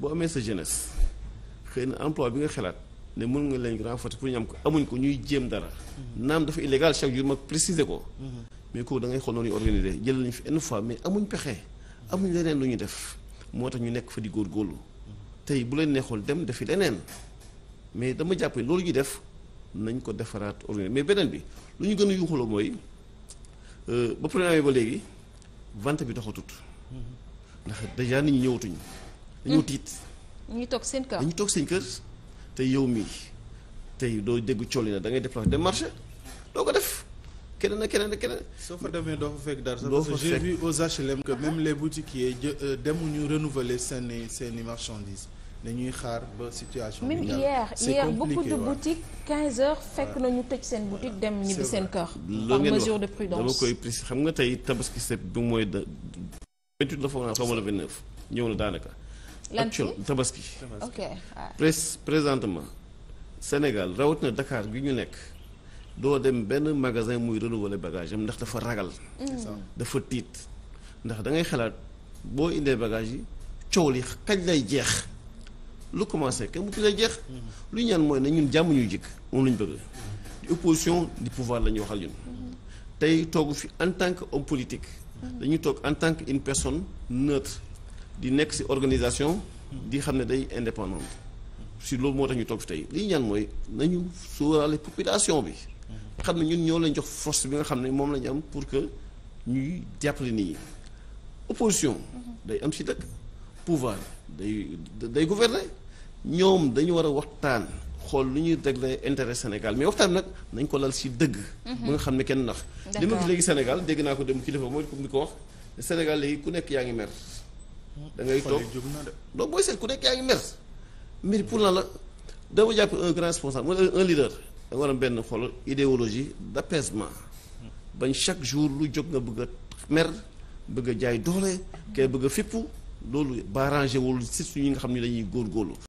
boo amee sa jeunesse xëy na emploi bi nga xalaat ne mën nga leen renforcer pour ñu am ko amuñ ko ñuy jéem dara. naam dafa illégal chaque jour mag préciser ko. mais kooku dangay ngay xool noonu organiser jël nañ fi une fois mais amuñ pexe. amuñ leneen lu ñu def moo tax ñu nekk fa di góorgóorlu. tey bu leen neexoon dem defi leneen mais dama jàpp loolu ñu def nañ ko defaraat organiser mais beneen bi lu ñu gën a yuuxaloo mooy euh, ba problème ba léegi vente bi doxatut. ndax déjà nit dañoo tiit. dañuy toog seen kër dañuy toog seen kër te yow mii tey doo dégg coole la da ngay déplacé dem marché doo ko def. keneen ak keneen ak keneen. soo fa demee doo fa fekk dara. doo fa fekk parce que j'ai vu aux HLM que même les boutiquiers demuñu renouveler seen i seen i marchandises dañuy xaar ba situation. bi même hier hier beaucoup de boutiques 15 heures fekk nañu tëj seen boutique dem ñibbi seen kër. par mesure de prudence dama koy préciser xam nga tey tabaski seet bi mooy da 28 la foog naa xaw ma la 29 ñëw na daanaka. actuel tabaski ok presse présentement Sénégal rawatina dakaar gi ñu nekk doo dem benn magasin muy renouveler bagage am ndax dafa ragal mm. dafa tiit ndax da ngay xalaat boo indee bagage yi coow li kañ lay jeex lu commencé kenn mu lay jeex mm-hmm. lu ñaan mooy ne ñun jàmm ñuy jikk moom lañu bëgg mm-hmm. di opposition di pouvoir la ñuy waxal ñun mm-hmm. tey toogu fi en tant que homme politique dañuy toog en tant une personne neutre di nekk si organisation di xam ne day indépendante si loolu moo tax ñu toog fi tey lii ñaan mooy nañu sóoraale population bi xam ne ñun ñoo lañ jox force bi nga xam ne moom lañu am pour que ñuy jàppale nit ñi day am si dëkk pouvoir day day gouverner ñoom dañu war a waxtaan xool lu ñuy dégle intérêt Sénégal mais waxtaan nag nañ ko lal si dëgg mu mhm. nga xam ne kenn nax li ma gis léegi Sénégal dégg naa ko dem kilifa mooy mi ko wax Sénégal léegi ku nekk yaa ngi mer da ngay toog donc booy seet ku nekk yaa ngi mer mbir pour lan la dama jàpp un grand responsable wala un leader da war a benn xol idéologie d'apaisement bañ chaque jour lu jóg nga bëgg a mer bëgg a jaay doole kay bëgg a fippu loolu barrangé wul si suñu nga xam ne dañuy góorgóorlu